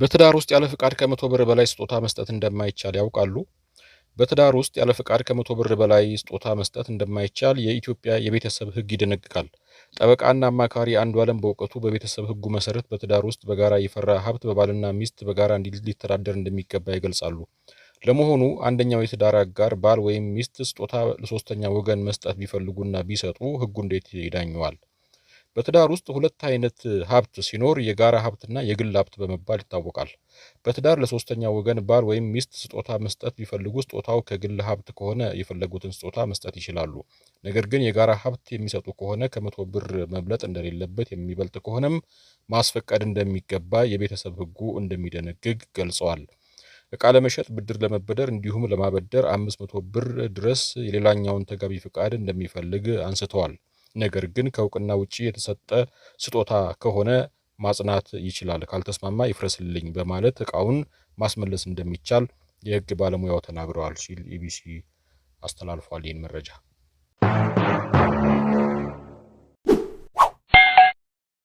በትዳር ውስጥ ያለ ፍቃድ ከመቶ ብር በላይ ስጦታ መስጠት እንደማይቻል ያውቃሉ? በትዳር ውስጥ ያለ ፍቃድ ከመቶ ብር በላይ ስጦታ መስጠት እንደማይቻል የኢትዮጵያ የቤተሰብ ሕግ ይደነግጋል። ጠበቃና አማካሪ አንዱ አለም በእውቀቱ በቤተሰብ ሕጉ መሰረት በትዳር ውስጥ በጋራ የፈራ ሀብት በባልና ሚስት በጋራ ሊተዳደር እንደሚገባ ይገልጻሉ። ለመሆኑ አንደኛው የትዳር አጋር ባል ወይም ሚስት ስጦታ ለሶስተኛ ወገን መስጠት ቢፈልጉና ቢሰጡ ሕጉ እንዴት ይዳኘዋል? በትዳር ውስጥ ሁለት አይነት ሀብት ሲኖር የጋራ ሀብትና የግል ሀብት በመባል ይታወቃል። በትዳር ለሶስተኛ ወገን ባል ወይም ሚስት ስጦታ መስጠት ቢፈልጉ ስጦታው ከግል ሀብት ከሆነ የፈለጉትን ስጦታ መስጠት ይችላሉ። ነገር ግን የጋራ ሀብት የሚሰጡ ከሆነ ከመቶ ብር መብለጥ እንደሌለበት፣ የሚበልጥ ከሆነም ማስፈቀድ እንደሚገባ የቤተሰብ ሕጉ እንደሚደነግግ ገልጸዋል። እቃ ለመሸጥ ብድር ለመበደር እንዲሁም ለማበደር አምስት መቶ ብር ድረስ የሌላኛውን ተጋቢ ፍቃድ እንደሚፈልግ አንስተዋል። ነገር ግን ከእውቅና ውጭ የተሰጠ ስጦታ ከሆነ ማጽናት ይችላል። ካልተስማማ ይፍረስልኝ በማለት እቃውን ማስመለስ እንደሚቻል የህግ ባለሙያው ተናግረዋል ሲል ኢቢሲ አስተላልፏል ይህን መረጃ።